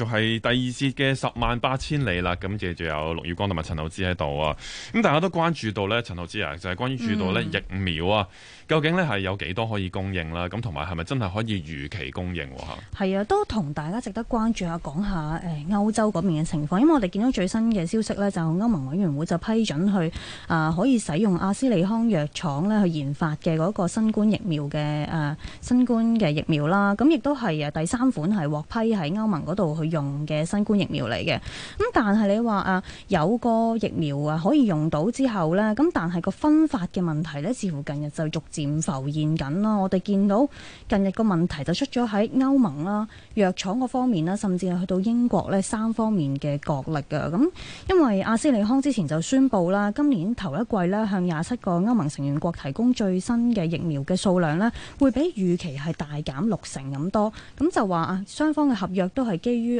就係第二節嘅十萬八千里啦，咁嘅仲有陸宇光同埋陳浩之喺度啊，咁大家都關注到咧，陳浩之啊，就係、是、關注到呢疫苗啊、嗯，究竟呢係有幾多可以供應啦？咁同埋係咪真係可以如期供應喎？係啊，都同大家值得關注下講下誒歐洲嗰邊嘅情況，因為我哋見到最新嘅消息呢，就歐盟委員會就批准去啊可以使用阿斯利康藥廠呢去研發嘅嗰個新冠疫苗嘅、啊、新冠嘅疫苗啦，咁亦都係第三款係獲批喺歐盟嗰度去。用嘅新冠疫苗嚟嘅，咁但係你話啊，有個疫苗啊可以用到之後咧，咁但係個分發嘅問題咧，似乎近日就逐漸浮現緊啦。我哋見到近日個問題就出咗喺歐盟啦、藥廠嗰方面啦，甚至係去到英國咧，三方面嘅角力噶。咁因為阿斯利康之前就宣布啦，今年頭一季咧，向廿七個歐盟成員國提供最新嘅疫苗嘅數量咧，會比預期係大減六成咁多。咁就話啊，雙方嘅合約都係基於。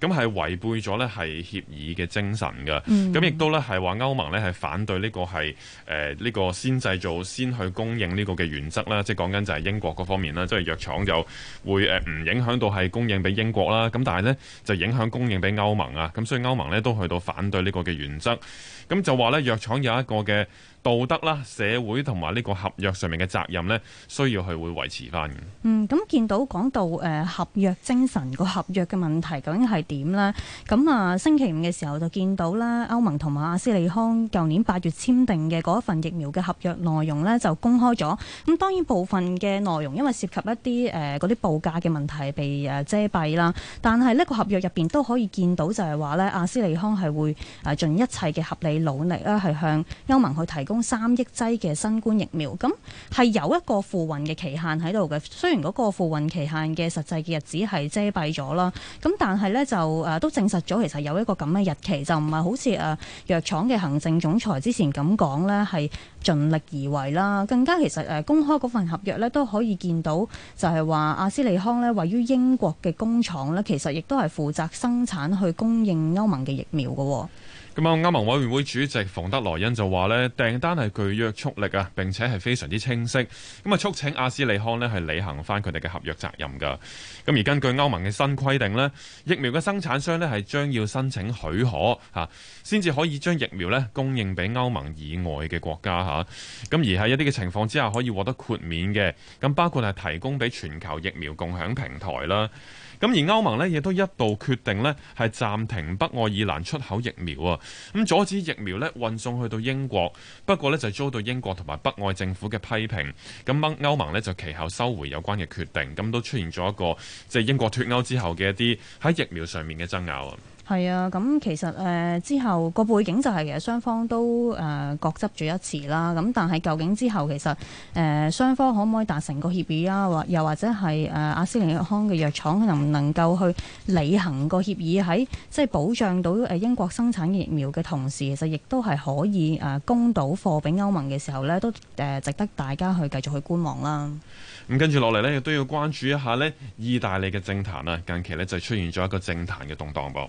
咁係違背咗呢係協議嘅精神嘅。咁、嗯、亦都呢係話歐盟呢係反對呢個係呢、呃呢個先製造先去供應呢個嘅原則啦。即係講緊就係、是、英國嗰方面啦，即、就、係、是、藥廠就會唔影響到係供應俾英國啦。咁但係呢就影響供應俾歐盟啊。咁所以歐盟呢都去到反對呢個嘅原則。咁就話呢，藥廠有一個嘅。道德啦、社會同埋呢個合約上面嘅責任呢，需要係會維持翻嘅。嗯，咁見到講到誒、呃、合約精神、個合約嘅問題，究竟係點呢？咁啊，星期五嘅時候就見到啦，歐盟同埋阿斯利康舊年八月簽訂嘅嗰一份疫苗嘅合約內容呢，就公開咗。咁當然部分嘅內容因為涉及一啲誒嗰啲報價嘅問題被誒、呃、遮蔽啦，但係呢個合約入邊都可以見到就係話呢，阿斯利康係會誒盡一切嘅合理努力啦，係向歐盟去提。供三億劑嘅新冠疫苗，咁係有一個附運嘅期限喺度嘅。雖然嗰個附運期限嘅實際嘅日子係遮蔽咗啦，咁但係呢，就誒、啊、都證實咗，其實有一個咁嘅日期，就唔係好似誒藥廠嘅行政總裁之前咁講呢，係盡力而為啦。更加其實誒公開嗰份合約呢，都可以見到就係話阿斯利康呢，位於英國嘅工廠呢，其實亦都係負責生產去供應歐盟嘅疫苗嘅，哦。咁歐盟委員會主席馮德萊恩就話呢，訂單係具約束力啊，並且係非常之清晰。咁啊，促請阿斯利康呢係履行翻佢哋嘅合約責任噶。咁而根據歐盟嘅新規定呢，疫苗嘅生產商呢係將要申請許可吓，先至可以將疫苗呢供應俾歐盟以外嘅國家吓。咁而喺一啲嘅情況之下，可以獲得豁免嘅。咁包括係提供俾全球疫苗共享平台啦。咁而歐盟呢，亦都一度決定呢係暫停北愛爾蘭出口疫苗啊，咁阻止疫苗呢運送去到英國。不過呢，就遭到英國同埋北愛政府嘅批評。咁歐盟呢，就其後收回有關嘅決定，咁都出現咗一個即係英國脱歐之後嘅一啲喺疫苗上面嘅爭拗啊。係啊，咁其實誒、呃、之後個背景就係其實雙方都誒、呃、各執住一詞啦。咁但係究竟之後其實誒、呃、雙方可唔可以達成個協議啊？或又或者係誒阿斯利康嘅藥廠能唔能夠去履行個協議，喺即係保障到誒英國生產疫苗嘅同時，其實亦都係可以誒供到貨俾歐盟嘅時候呢，都誒值得大家去繼續去觀望啦。咁跟住落嚟呢，亦都要關注一下呢意大利嘅政壇啊，近期呢，就出現咗一個政壇嘅動盪噃。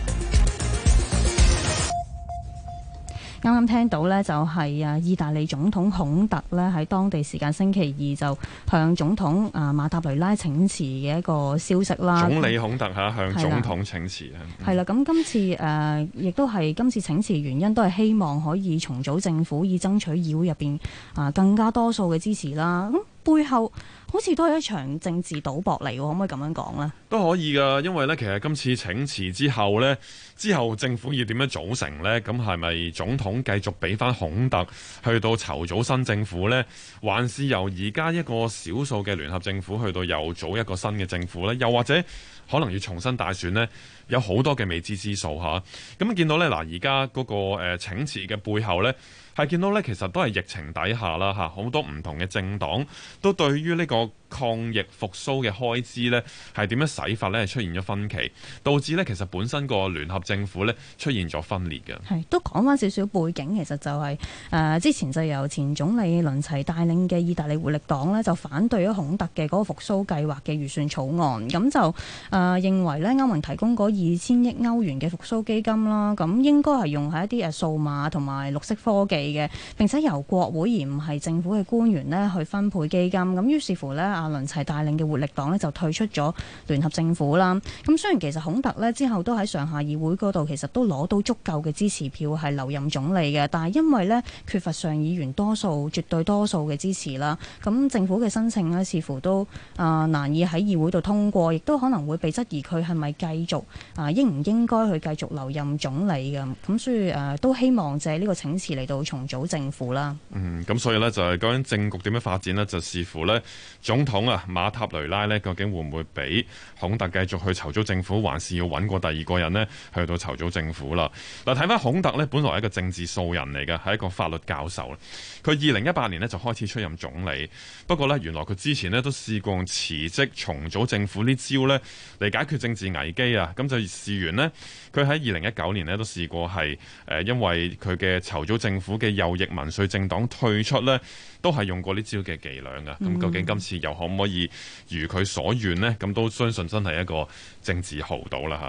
啱啱聽到呢，就係啊，意大利總統孔特呢，喺當地時間星期二就向總統啊，馬塔雷拉請辭嘅一個消息啦。總理孔特嚇、啊、向總統請辭啊。係啦，咁、嗯、今次誒、呃、亦都係今次請辭原因都係希望可以重組政府，以爭取議會入面啊，更加多數嘅支持啦。嗯背後好似都係一場政治賭博嚟，可唔可以咁樣講呢？都可以噶，因為呢，其實今次請辭之後呢，之後政府要點樣組成呢？咁係咪總統繼續俾翻孔特去到籌組新政府呢？還是由而家一個少數嘅聯合政府去到又組一個新嘅政府呢？又或者可能要重新大選呢？有好多嘅未知之數吓。咁見到呢，嗱，而家嗰個誒請辭嘅背後呢。係見到咧，其實都係疫情底下啦，嚇好多唔同嘅政黨都對於呢個抗疫復甦嘅開支呢，係點樣使法呢？係出現咗分歧，導致呢其實本身個聯合政府呢出現咗分裂嘅。係都講返少少背景，其實就係、是、誒、呃、之前就由前總理倫齊帶領嘅意大利活力黨呢，就反對咗孔特嘅嗰個復甦計劃嘅預算草案。咁就誒、呃、認為呢，歐盟提供嗰二千億歐元嘅復甦基金啦，咁應該係用喺一啲誒數碼同埋綠色科技嘅，並且由國會而唔係政府嘅官員呢去分配基金。咁於是乎呢。阿倫齊帶領嘅活力黨咧就退出咗聯合政府啦。咁雖然其實孔特咧之後都喺上下議會嗰度其實都攞到足夠嘅支持票係留任總理嘅，但係因為咧缺乏上議員多數絕對多數嘅支持啦，咁政府嘅申請咧似乎都啊、呃、難以喺議會度通過，亦都可能會被質疑佢係咪繼續啊、呃、應唔應該去繼續留任總理嘅。咁所以誒、呃、都希望借呢個請辭嚟到重組政府啦。嗯，咁所以咧就係、是、究竟政局點樣發展咧，就視乎咧總。孔啊，馬塔雷拉究竟會唔會俾孔特繼續去籌組政府，還是要揾過第二個人呢去到籌組政府啦？嗱，睇翻孔特呢本來係一個政治素人嚟嘅，係一個法律教授。佢二零一八年呢就開始出任總理，不過呢，原來佢之前呢都試過辭職重組政府呢招呢嚟解決政治危機啊。咁就試完呢，佢喺二零一九年呢都試過係誒，因為佢嘅籌組政府嘅右翼民粹政黨退出呢，都係用過呢招嘅伎倆噶。咁究竟今次又？可唔可以如佢所願呢？咁都相信真係一個政治豪賭啦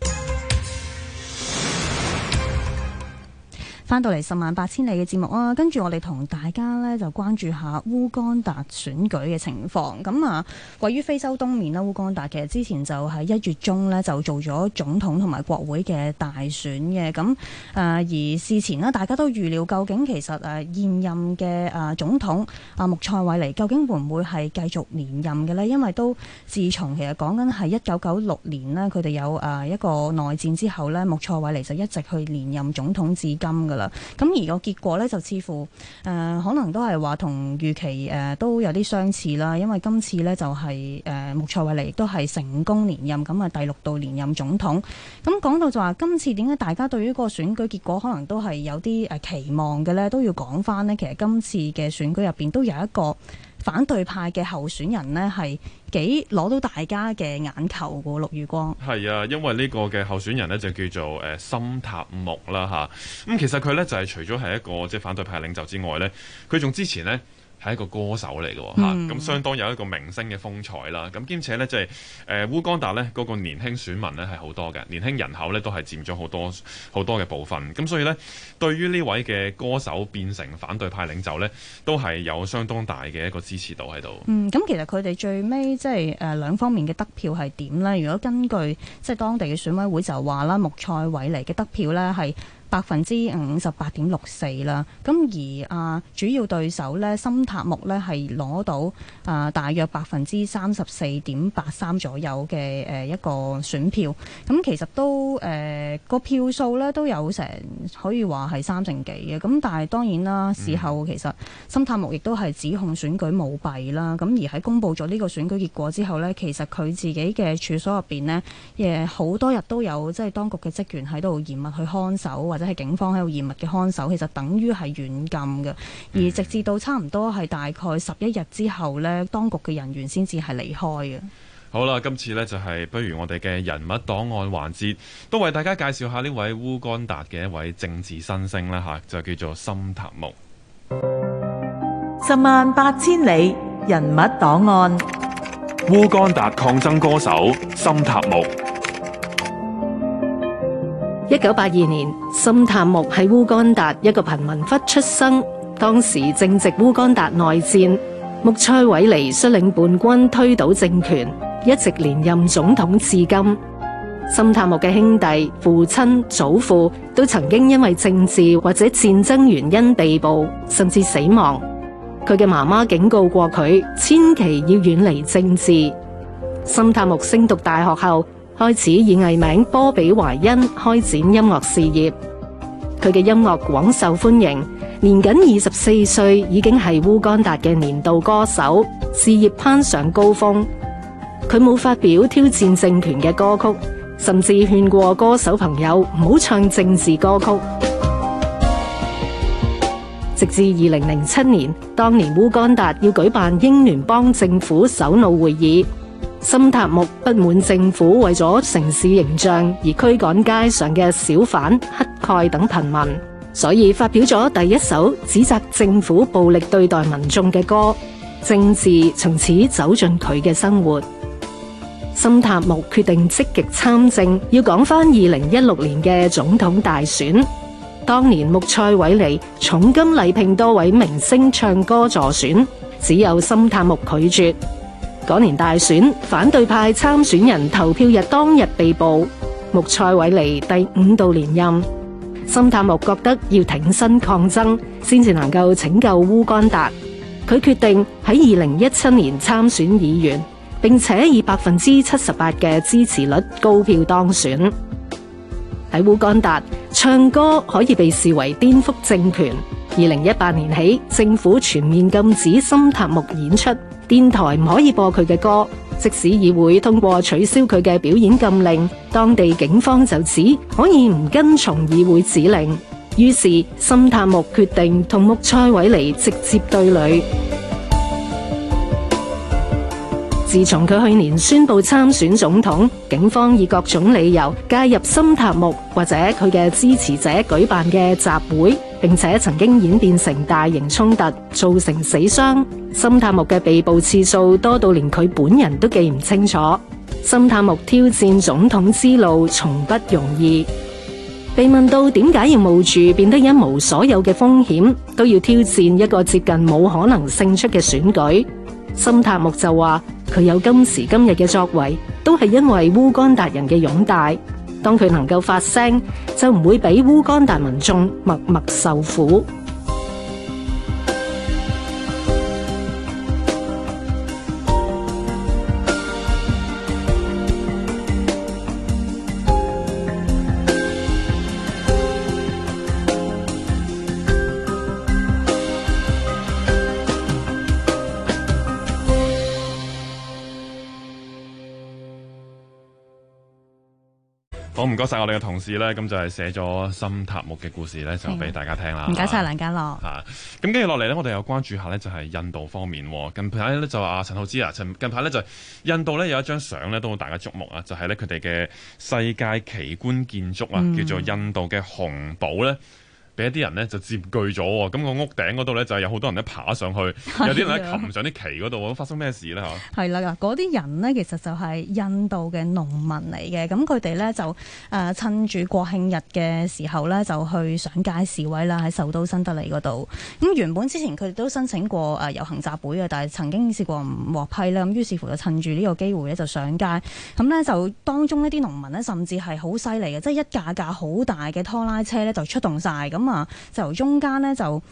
嚇。翻到嚟十萬八千里嘅節目啊，跟住我哋同大家呢就關注下烏干達選舉嘅情況。咁、呃、啊，位於非洲東面啦，烏干達其實之前就喺一月中呢就做咗總統同埋國會嘅大選嘅。咁、呃、而事前呢，大家都預料究竟其實誒現任嘅誒總統阿穆塞韋尼究竟會唔會係繼續連任嘅呢？因為都自從其實講緊係一九九六年呢，佢哋有一個內戰之後呢，穆塞韋尼就一直去連任總統至今㗎啦。咁而個結果咧，就似乎誒、呃，可能都係話同預期誒、呃、都有啲相似啦。因為今次呢、就是，就係誒，穆塞韋尼都係成功連任，咁啊第六度連任總統。咁、嗯、講到就話、是，今次點解大家對於個選舉結果可能都係有啲誒期望嘅呢？都要講翻呢，其實今次嘅選舉入邊，都有一個。反對派嘅候選人呢係幾攞到大家嘅眼球喎？陸宇光係啊，因為呢個嘅候選人呢就叫做誒森、呃、塔穆啦吓，咁、啊嗯、其實佢呢就係、是、除咗係一個即、就是、反對派領袖之外呢，佢仲之前呢。係一個歌手嚟嘅嚇，咁、嗯、相當有一個明星嘅風采啦。咁兼且呢，即係誒烏干達呢嗰個年輕選民呢，係好多嘅，年輕人口呢，都係佔咗好多好多嘅部分。咁所以呢，對於呢位嘅歌手變成反對派領袖呢，都係有相當大嘅一個支持度喺度。嗯，咁其實佢哋最尾即係誒兩方面嘅得票係點呢？如果根據即係、就是、當地嘅選委會就話啦，穆賽偉尼嘅得票呢係，是百分之五十八點六四啦，咁而啊主要對手咧，森塔穆咧係攞到啊、呃、大約百分之三十四點八三左右嘅，誒一個選票，咁其實都誒個、呃、票數咧都有成可以話係三成幾嘅，咁但係當然啦，事後其實森塔穆亦都係指控選舉舞弊啦，咁而喺公布咗呢個選舉結果之後咧，其實佢自己嘅處所入邊咧，誒好多日都有即係當局嘅職員喺度嚴密去看守或者。即係警方喺度嚴密嘅看守，其實等於係軟禁嘅。而直至到差唔多係大概十一日之後呢，當局嘅人員先至係離開嘅，嗯。好啦，今次呢就係不如我哋嘅人物檔案環節，都為大家介紹下呢位烏干達嘅一位政治新星啦吓，就叫做森塔穆。十萬八千里人物檔案，烏干達抗爭歌手森塔穆。一九八二年，森塔穆喺烏干達一個貧民窟出生，當時正值烏干達內戰，穆塞韋尼率領叛軍推倒政權，一直連任總統至今。森塔穆嘅兄弟、父親、祖父都曾經因為政治或者戰爭原因被捕，甚至死亡。佢嘅媽媽警告過佢，千祈要遠離政治。森塔穆升讀大學後。開始以藝名波比懷恩開展音樂事業，佢嘅音樂廣受歡迎。年僅二十四歲，已經係烏干達嘅年度歌手，事業攀上高峰。佢冇發表挑戰政權嘅歌曲，甚至勸過歌手朋友唔好唱政治歌曲。直至二零零七年，當年烏干達要舉辦英聯邦政府首腦會議。森塔穆不滿政府為咗城市形象而驅趕街上嘅小販、乞丐等貧民，所以發表咗第一首指責政府暴力對待民眾嘅歌。政治從此走進佢嘅生活。森塔穆決定積極參政，要講翻二零一六年嘅總統大選。當年穆塞韋尼重金禮聘多位明星唱歌助選，只有森塔穆拒絕。嗰年大選，反對派參選人投票日當日被捕。穆塞韋尼第五度連任。森塔穆覺得要挺身抗爭，先至能夠拯救烏干達。佢決定喺二零一七年參選議員，並且以百分之七十八嘅支持率高票當選。喺烏干達，唱歌可以被視為顛覆政權。二零一八年起，政府全面禁止森塔穆演出。電台唔可以播佢嘅歌，即使議會通過取消佢嘅表演禁令，當地警方就指可以唔跟從議會指令。於是，森塔穆決定同穆塞韋尼直接對壘。自從佢去年宣佈參選總統，警方以各種理由介入森塔穆或者佢嘅支持者舉辦嘅集會。並且曾經演變成大型衝突，造成死傷。森塔穆嘅被捕次數多到連佢本人都記唔清楚。森塔穆挑戰總統之路從不容易。被問到點解要冒住變得一無所有嘅風險，都要挑戰一個接近冇可能勝出嘅選舉，森塔穆就話佢有今時今日嘅作為，都係因為烏干達人嘅擁戴。當佢能夠發聲，就唔會俾烏干達民眾默默受苦。好謝謝我唔該晒我哋嘅同事咧，咁就係寫咗《森塔穆》嘅故事咧，就俾大家聽啦。唔該晒梁家樂。吓，咁跟住落嚟咧，我哋又關注下咧，就係印度方面。近排咧就阿陳浩之啊，陳近排咧就印度咧有一張相咧都好大家矚目啊，就係咧佢哋嘅世界奇觀建築啊、嗯，叫做印度嘅紅堡咧。俾一啲人咧就佔據咗喎，咁個屋頂嗰度咧就有好多人咧爬上去，有啲人咧擒上啲旗嗰度，發生咩事咧？係啦，嗰啲人呢其實就係印度嘅農民嚟嘅，咁佢哋咧就趁住國慶日嘅時候咧就去上街示威啦，喺首都新德里嗰度。咁原本之前佢哋都申請過遊行集會嘅，但係曾經試過唔獲批啦，咁於是乎就趁住呢個機會咧就上街。咁咧就當中一啲農民呢，甚至係好犀利嘅，即係一架架好大嘅拖拉車咧就出動晒。咁。咁啊，就中間咧就誒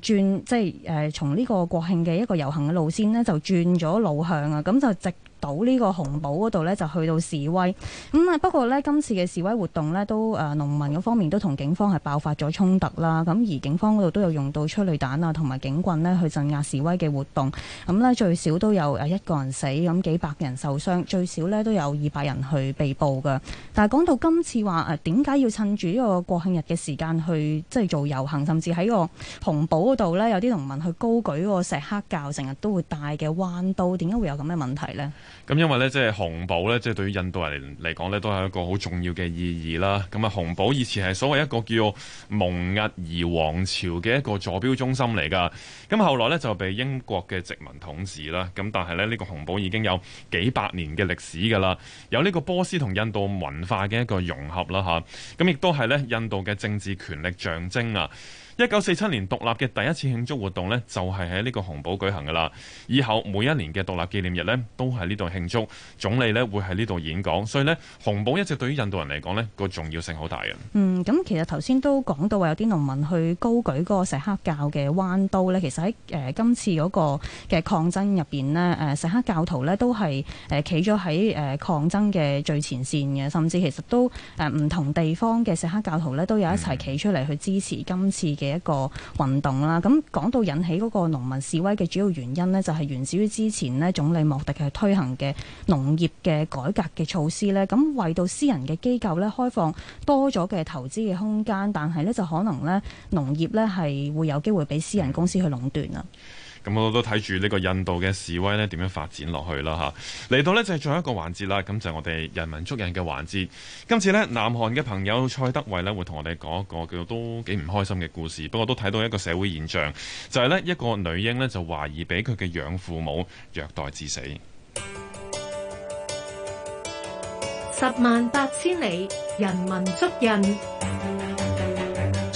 轉，即係誒從呢個國慶嘅一個遊行嘅路綫咧，就轉咗路向啊，咁就直。到呢個紅堡嗰度呢，就去到示威咁啊。不過呢，今次嘅示威活動呢，都誒、呃、農民嗰方面都同警方係爆發咗衝突啦。咁而警方嗰度都有用到催淚彈啊，同埋警棍呢去鎮壓示威嘅活動。咁、嗯、呢，最少都有誒一個人死，咁幾百人受傷，最少呢都有二百人去被捕㗎。但係講到今次話誒點解要趁住呢個國慶日嘅時間去即係做遊行，甚至喺個紅堡嗰度呢，有啲農民去高舉個錫克教成日都會戴嘅彎刀，點解會有咁嘅問題呢？咁，因為咧，即係紅堡咧，即係對於印度人嚟講咧，都係一個好重要嘅意義啦。咁啊，紅堡以前係所謂一個叫蒙兀兒王朝嘅一個座標中心嚟噶。咁後來咧就被英國嘅殖民統治啦。咁但係咧，呢個紅堡已經有幾百年嘅歷史㗎啦。有呢個波斯同印度文化嘅一個融合啦，吓，咁亦都係咧印度嘅政治權力象徵啊。一九四七年獨立嘅第一次慶祝活動呢，就係喺呢個紅堡舉行㗎喇。以後每一年嘅獨立紀念日呢，都喺呢度慶祝，總理呢，會喺呢度演講。所以呢，紅堡一直對於印度人嚟講呢個重要性好大嘅，啊嗯。嗯，咁其實頭先都講到話有啲農民去高舉嗰個錫克教嘅彎刀呢。其實喺誒、呃、今次嗰個嘅抗爭入邊呢，誒、呃、錫克教徒呢都係誒企咗喺誒抗爭嘅最前線嘅，甚至其實都誒唔、呃、同地方嘅錫克教徒呢，都有一齊企出嚟去支持今次嘅嘅一個運動啦，咁講到引起嗰個農民示威嘅主要原因呢，就係源自於之前呢，總理莫迪去推行嘅農業嘅改革嘅措施呢。咁為到私人嘅機構呢，開放多咗嘅投資嘅空間，但係呢，就可能呢，農業呢係會有機會俾私人公司去壟斷啦。咁我都睇住呢個印度嘅示威咧，點樣發展落去啦。嚇，嚟到呢，就係最後一個環節啦。咁就係我哋人文足印嘅環節。今次呢，南韓嘅朋友蔡德蕙呢，會同我哋講一個叫做都幾唔開心嘅故事。不過都睇到一個社會現象，就係呢一個女嬰呢，就懷疑俾佢嘅養父母虐待致死。十萬八千里，人文足印。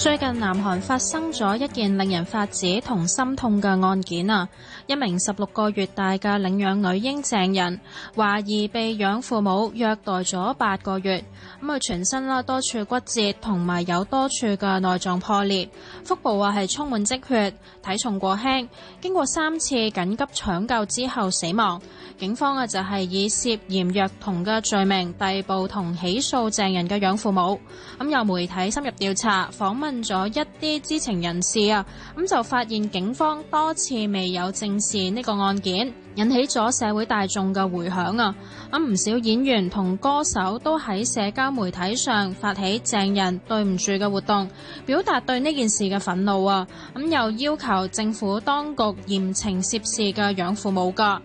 最近南韓發生咗一件令人髮指同心痛嘅案件啊！一名十六個月大嘅領養女嬰鄭人，懷疑被養父母虐待咗八個月，咁全身啦，多處骨折，同埋有多處嘅內臟破裂，腹部話係充滿積血，體重過輕，經過三次緊急搶救之後死亡。警方啊就係以涉嫌虐童嘅罪名逮捕同起訴鄭人嘅養父母。咁由媒體深入調查訪問咗一啲知情人士啊，咁就發現警方多次未有正視呢個案件，引起咗社會大眾嘅回響啊。咁唔少演員同歌手都喺社交媒體上發起鄭人對唔住嘅活動，表達對呢件事嘅憤怒啊。咁又要求政府當局嚴懲涉，涉事嘅養父母噶。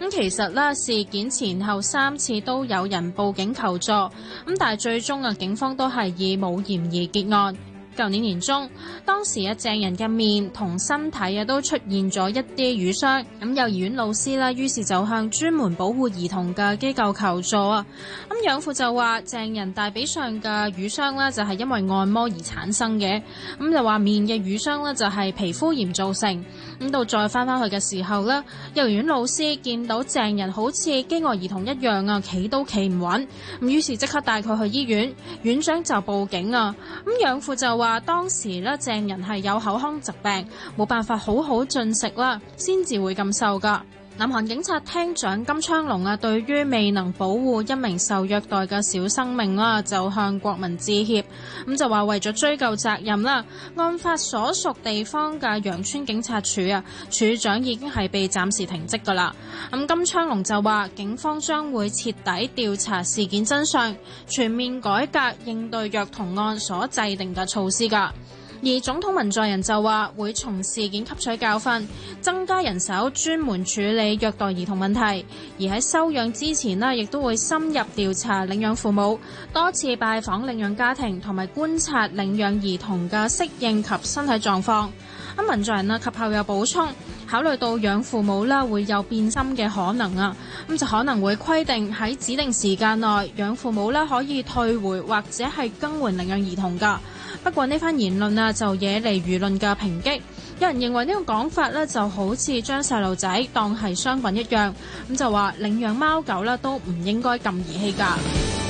咁其實咧，事件前後三次都有人報警求助，咁但係最終啊，警方都係以冇嫌疑結案。舊年年中，當時啊鄭仁嘅面同身體啊都出現咗一啲瘀傷，咁幼兒園老師啦，於是就向專門保護兒童嘅機構求助啊。咁養父就話鄭仁大髀上嘅瘀傷咧就係因為按摩而產生嘅，咁就話面嘅瘀傷咧就係皮膚炎造成。咁到再返返去嘅時候咧，幼兒園老師見到鄭仁好似飢餓兒童一樣啊，企都企唔穩，咁於是即刻帶佢去醫院，院長就報警啊。咁養父就話。話當時咧，病人係有口腔疾病，冇辦法好好進食啦，先至會咁瘦㗎。南韓警察廳長金昌龍啊，對於未能保護一名受虐待嘅小生命啦，就向國民致歉。咁就話為咗追究責任啦，案發所屬地方嘅陽村警察署啊，署長已經係被暫時停職噶啦。咁金昌龍就話警方將會徹底調查事件真相，全面改革應對虐童案所制定嘅措施噶。而總統文在寅就話會從事件吸取教訓，增加人手專門處理虐待兒童問題。而喺收養之前呢亦都會深入調查領養父母，多次拜訪領養家庭同埋觀察領養兒童嘅適應及身體狀況。文在寅啊，及後又補充考慮到養父母咧會有變心嘅可能啊，咁就可能會規定喺指定時間內，養父母咧可以退回或者係更換領養兒童㗎。不過呢番言論啊，就惹嚟輿論嘅抨擊。有人認為呢個講法咧，就好似將細路仔當係商品一樣，咁就話領養貓、貓狗咧都唔應該咁兒戲㗎。